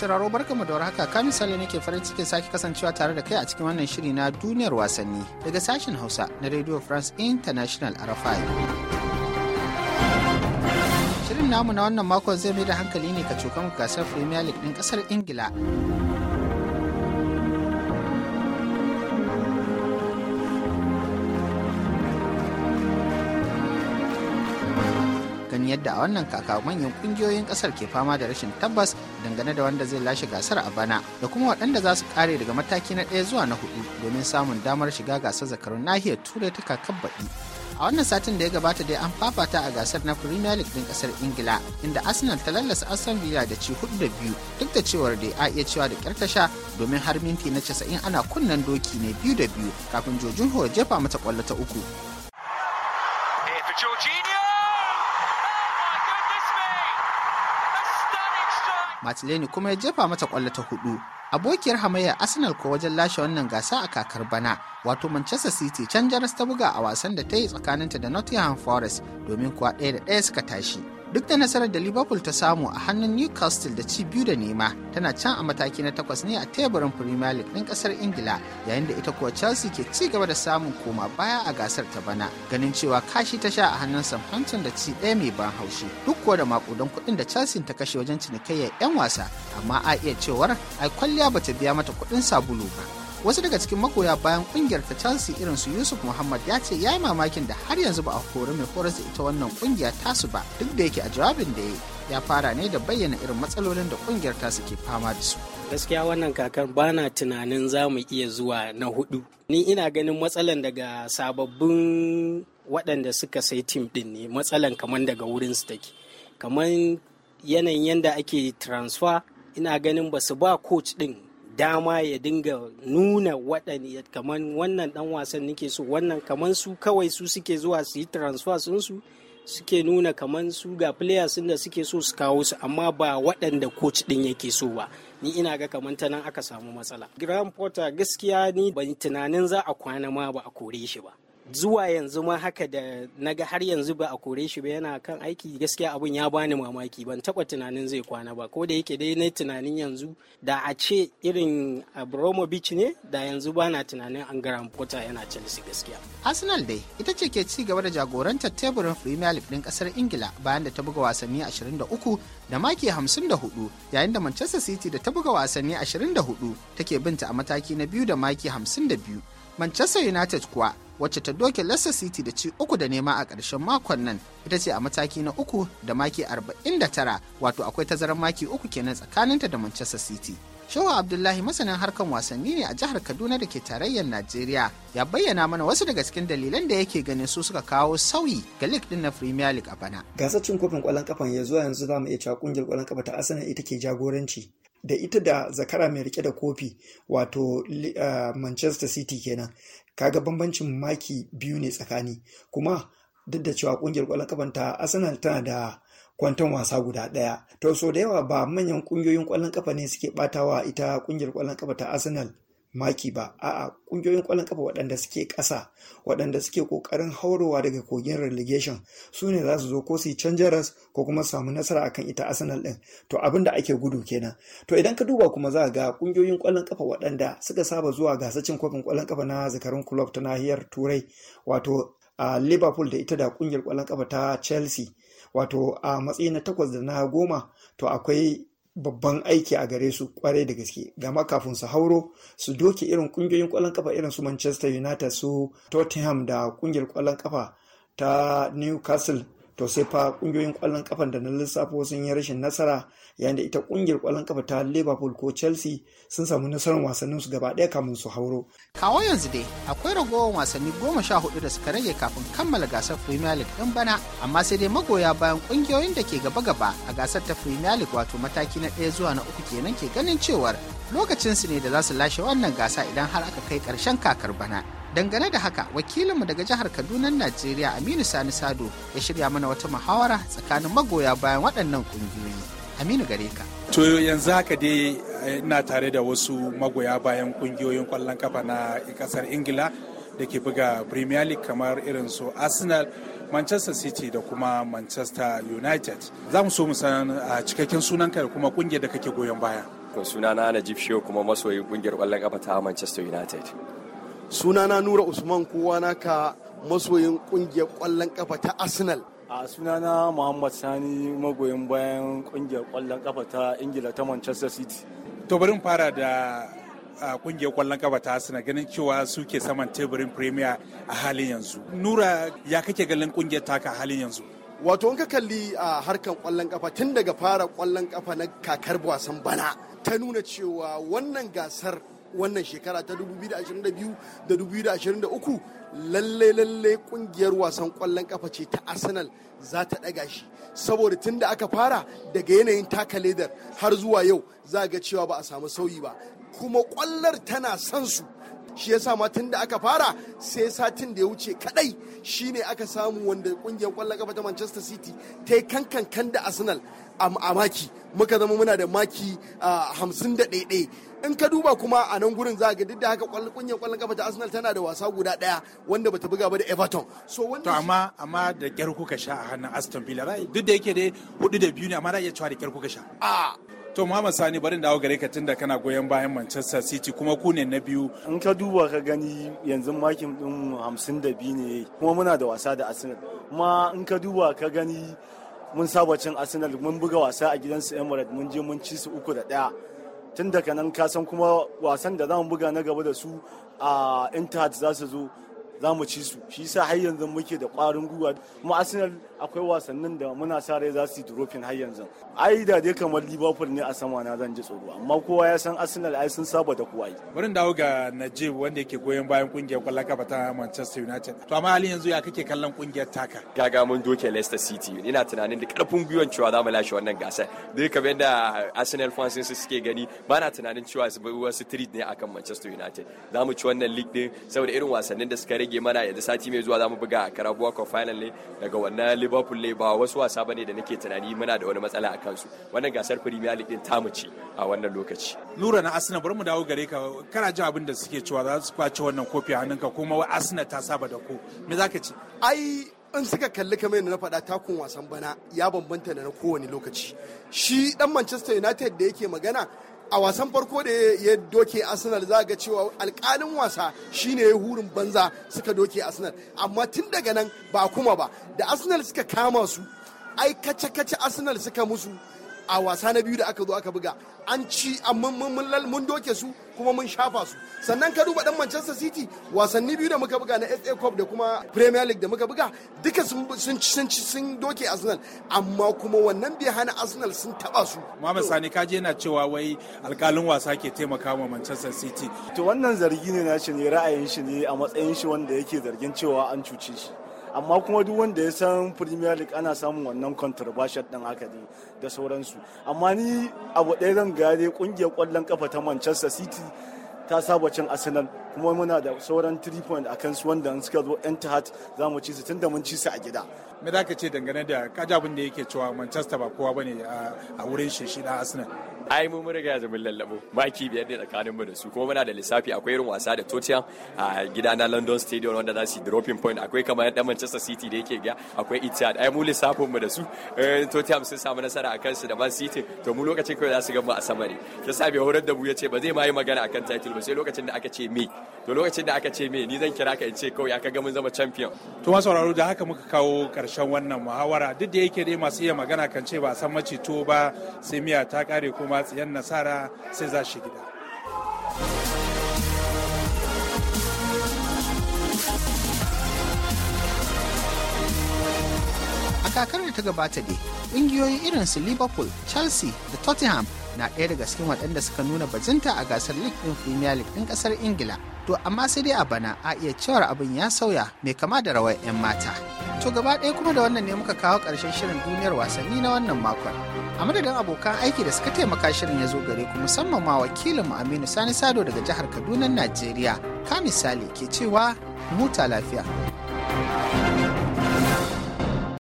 sauraro barkamu da warhaka ka ne nake farin cikin sake kasancewa tare da kai a cikin wannan shiri na duniyar wasanni daga sashen Hausa na Radio France International RFI. Shirin namu na wannan makon zai mai da hankali ne ka cokan gasar Premier League ɗin ƙasar Ingila. yadda a wannan kaka manyan kungiyoyin kasar ke fama da rashin tabbas dangane da wanda zai lashe gasar a bana da kuma waɗanda za su kare daga mataki na ɗaya zuwa na hudu domin samun damar shiga gasar zakarun nahiyar turai ta kakar baɗi a wannan satin da ya gabata dai an fafata a gasar na premier league din kasar ingila inda arsenal ta lallasa aston villa da ci hudu da biyu duk da cewar dai a iya cewa da kyartasha domin har minti na 90 ana kunnen doki ne biyu da biyu kafin jojin hoa jefa mata kwallo ta uku martinelli kuma ya jefa mata kwallo ta hudu abokiyar hamayyar arsenal ko wajen lashe wannan gasa a kakar bana wato manchester city can jaras ta buga a wasan da ta yi tsakaninta da nottingham forest domin kuwa ɗaya da ɗaya suka tashi duk da nasarar da liverpool ta samu a hannun newcastle da ci biyu da nema tana can a mataki na takwas ne a teburin premier league ɗin ƙasar ingila yayin da ita kuwa chelsea ke ci gaba da samun koma baya a gasar ta bana ganin cewa kashi ta sha a hannun southampton da ci ɗaya mai ban haushi duk kuwa da makudan kuɗin da chelsea ta kashe wajen cinikayyar 'yan wasa amma a iya cewar ai kwalliya bata biya mata kuɗin sabulu ba wasu daga cikin magoya bayan kungiyar ta chelsea irin su yusuf muhammad ya ce ya yi mamakin da har yanzu ba a kori mai horas da ita wannan kungiya tasu ba duk da yake a jawabin da ya ya fara ne da bayyana irin matsalolin da kungiyar ta ke fama da su gaskiya wannan kakar bana tunanin za mu iya zuwa na hudu ni ina ganin matsalan daga sababbin waɗanda suka sai tim ɗin ne matsalan kamar daga wurin su take kamar yanayin yadda ake transfer ina ganin ba su ba coach din dama ya dinga nuna waɗanda kamar wannan ɗan wasan nake so wannan kamar su kawai su suke zuwa su yi transfer su suke nuna kamar su ga players da suke so su kawo su amma ba waɗanda coach ɗin yake so ba ni ina ga kamar ta nan aka samu matsala grand porter gaskiya ni ban tunanin za a kwana ma ba a kore shi ba zuwa yanzu ma haka da naga har yanzu ba a kore shi ba yana kan aiki gaskiya abun ya bani mamaki ban taba tunanin zai kwana ba ko da yake dai na tunanin yanzu da a ce irin beach ne da yanzu ba na tunanin an gara mpota yana Chelsea gaskiya Arsenal dai ita ce ke ci gaba da jagorantar teburin Premier League din kasar Ingila bayan da ta buga wasanni 23 da maki 54 yayin da Manchester City da ta buga wasanni 24 take binta a mataki na biyu da maki 52 manchester united kuwa wacce ta doke leicester city da ci uku da nema a ƙarshen makon nan ita ce a mataki na uku da maki 49 wato akwai tazarar maki uku kenan tsakaninta da manchester city Shehu Abdullahi masanin harkan wasanni ne a jihar Kaduna da ke tarayyar Najeriya ya bayyana mana wasu daga cikin dalilan da yake ganin su suka kawo sauyi ga lig din na Premier League a bana. Gasar cin kofin kwallon kafan ya zuwa yanzu zamu iya cewa kungiyar kwallon kafa ta Arsenal ita ke jagoranci da ita da zakara mai rike da kofi wato uh, manchester city kenan kaga bambancin maki biyu ne tsakani kuma duk da cewa kungiyar kwallon kafan ta arsenal tana da kwanton wasa guda ɗaya to so da yawa ba manyan kungiyoyin kwallon kafa ne suke batawa ita kungiyar kwallon kafa ta arsenal maki ba a'a kungiyoyin kwallon kafa waɗanda suke ƙasa waɗanda suke ƙoƙarin haurowa daga kogin relegation su ne za su zo ko su yi canjaras ko kuma su samu nasara akan ita arsenal ɗin to abin da ake gudu kenan to idan ka duba kuma za ga kungiyoyin kwallon kafa waɗanda suka saba zuwa gasar cin kofin kwallon kafa na zakarun club ta nahiyar turai wato a liverpool da ita da kungiyar kwallon kafa ta chelsea wato a matsayi na takwas da na goma to akwai babban aiki a gare su kwarai da gaske gama kafin su hauro su doke irin kungiyoyin kwallon kafa irin su manchester united su tottenham da kungiyar kwallon kafa ta newcastle to sai fa kungiyoyin kwallon kafan da na lissafo sun yi rashin nasara yayin da ita kungiyar kwallon kafa ta liverpool ko chelsea sun samu nasarar wasannin su gaba daya kamun su hauro kawo yanzu dai akwai ragowar wasanni goma sha hudu da suka rage kafin kammala gasar premier league din bana amma sai dai magoya bayan kungiyoyin da ke gaba-gaba a gasar ta premier league wato mataki na ɗaya zuwa na uku kenan ke ganin cewar lokacin su ne da za su lashe wannan gasa idan har aka kai karshen kakar bana dangane da haka wakilinmu daga jihar kaduna najeriya aminu sani sado ya shirya mana wata muhawara tsakanin magoya bayan waɗannan ƙungiyoyi aminu gare ka to yanzu haka dai eh, ina tare da wasu magoya bayan ƙungiyoyin ƙwallon kafa na ƙasar ingila da ke buga premier league kamar irin su arsenal manchester city da kuma manchester united za mu so mu san a ah, cikakken ka da kuma ƙungiyar da kake goyon baya to sunana na shehu kuma masoyin ƙungiyar ƙwallon kafa ta manchester united sunana nura usman kowa na ka masoyin kungiyar kwallon kafa ta arsenal a sunana muhammad sani magoyin bayan kungiyar kwallon kafa ta ingila ta manchester city to bari fara da kungiyar kwallon kafa ta arsenal ganin cewa suke saman teburin premier a halin yanzu nura ya kake ganin kungiyar taka a halin yanzu wato in ka kalli a harkar kwallon kafa tun daga fara kwallon kafa na kakar wasan bana ta nuna cewa wannan gasar wannan shekara ta 2022 da 2023 lalle lalle kungiyar wasan kwallon kafa ce ta arsenal za ta ɗaga shi saboda tun da aka fara daga yanayin taka ledar har zuwa yau za ga cewa ba a samu sauyi ba kuma kwallar tana son su shi yasa ma tun da aka fara sai satin da ya wuce kadai shine aka samu wanda kungiyar kwallon kafa ta Manchester City ta yi kankan kan da Arsenal a maki muka zama muna da maki hamsin da ɗaiɗai in ka duba kuma a nan gurin za ga duk da haka kungiyar kwallon kafa ta Arsenal tana da wasa guda daya wanda bata buga ba da Everton so wannan to amma amma da kyar kuka sha a hannun Aston Villa duk da yake dai hudu da biyu ne amma za iya cewa da kyar kuka sha a To Muhammad Sani barin dawo gare ka tunda kana goyon bayan Manchester City kuma ku ne na biyu. In ka duba ka gani yanzu makin din hamsin da biyu ne kuma muna da wasa da Arsenal. Kuma in ka duba ka gani mun saba cin Arsenal mun buga wasa a gidansu Emirates mun je mun ci su uku da ɗaya. Tun daga nan ka san kuma wasan da za mu buga na gaba da su a Intihad za su zo za mu ci su shi sa har yanzu muke da ƙwarin gwiwa kuma arsenal akwai wasannin da muna sa rai za su yi har yanzu ai da dai kamar liverpool ne a sama na zan ji tsoro amma kowa ya san arsenal ai sun saba da kowa bari dawo ga najib wanda yake goyon bayan kungiyar kwallon kafa ta manchester united to amma halin yanzu ya kake kallon kungiyar taka gaga mun doke leicester city ina tunanin da karfin gwiwan cewa za mu lashe wannan gasar duk kamar yadda arsenal fans su suke gani ba na tunanin cewa su bar wasu treat ne akan manchester united za mu ci wannan league din saboda irin wasannin da suka rage rage mana yanzu sati mai zuwa za mu buga a Carabao Cup final ne daga wannan Liverpool ne ba wasu wasa bane da nake tunani muna da wani matsala a kansu wannan gasar Premier League din tamu ce a wannan lokaci Nura na Arsenal bari mu dawo gare ka kana ji abin da suke cewa za su kwace wannan kofi a hannunka kuma wai Arsenal ta saba da ko me zaka ce ai in suka kalli kamar yadda na faɗa takun wasan bana ya bambanta da na kowane lokaci shi dan Manchester United da yake magana a wasan farko da ya doke arsenal za ga cewa alkalin wasa shine ya hurin banza suka doke arsenal amma tun daga nan ba kuma ba da arsenal suka kama su ai kace-kace arsenal suka musu a wasa na biyu da aka zo aka buga an ci mun doke su kuma mun shafa su sannan ka duba dan Manchester City wasanni biyu da muka buga na FA Cup da kuma Premier League da muka buga duka sun sun sun doke Arsenal amma kuma wannan bai hana Arsenal sun taba su Muhammad Sani kaje yana cewa wai alkalin wasa ke taimaka wa Manchester City to wannan zargi ne na shi ne ra'ayin shi ne a matsayin shi wanda yake zargin cewa an cuce shi amma kuma duk wanda ya san premier league ana samun wannan controversial din haka ne da sauransu amma ni abu ɗaya zan gare kungiyar kwallon kafa ta manchester city ta saba cin arsenal kuma muna da sauran 3 point a kansu wanda in suka zo 'yan tahat za mu ci su tun mun ci su a gida me za ka ce dangane da kajabin da yake cewa manchester ba kowa bane a wurin shi shi na arsenal ai mu mun riga mun lallabo maki biyar ne tsakanin mu da su kuma muna da lissafi akwai irin wasa da Tottenham a gida na London Stadium wanda za su dropping point akwai kamar yadda Manchester City da yake ga akwai Etihad ai mu lissafin mu da su eh, Tottenham sun samu nasara akan su da Man City to mu lokacin kawai za su gama mu a samari ta sa bai horar da mu yace ba zai ma yi magana akan title ba sai lokacin da aka ce me to lokacin da aka ce me ni zan kira ka in ce kawai aka ga mun zama champion to ma sauraro da haka muka kawo ƙarshen. karshen wannan muhawara duk da yake dai masu iya magana kan ce ba san macito ba sai miya ta kare kuma tsiyan nasara sai za shi gida. A kakar da ta gabata dai, ƙungiyoyi irin su Liverpool, Chelsea da Tottenham na ɗaya daga cikin waɗanda suka nuna bajinta a gasar League ɗin Premier League ɗin ƙasar Ingila. To amma sai dai a bana a iya cewar abin ya sauya mai kama da rawar 'yan mata. To gaba ɗaya kuma da wannan ne muka kawo ƙarshen shirin duniyar wasanni na wannan makon. A madadin abokan aiki da suka taimaka shirin ya zo gare ku musamman ma wakilinmu Aminu Sani Sado daga jihar Kaduna, Najeriya. Ka misali ke cewa "muta lafiya.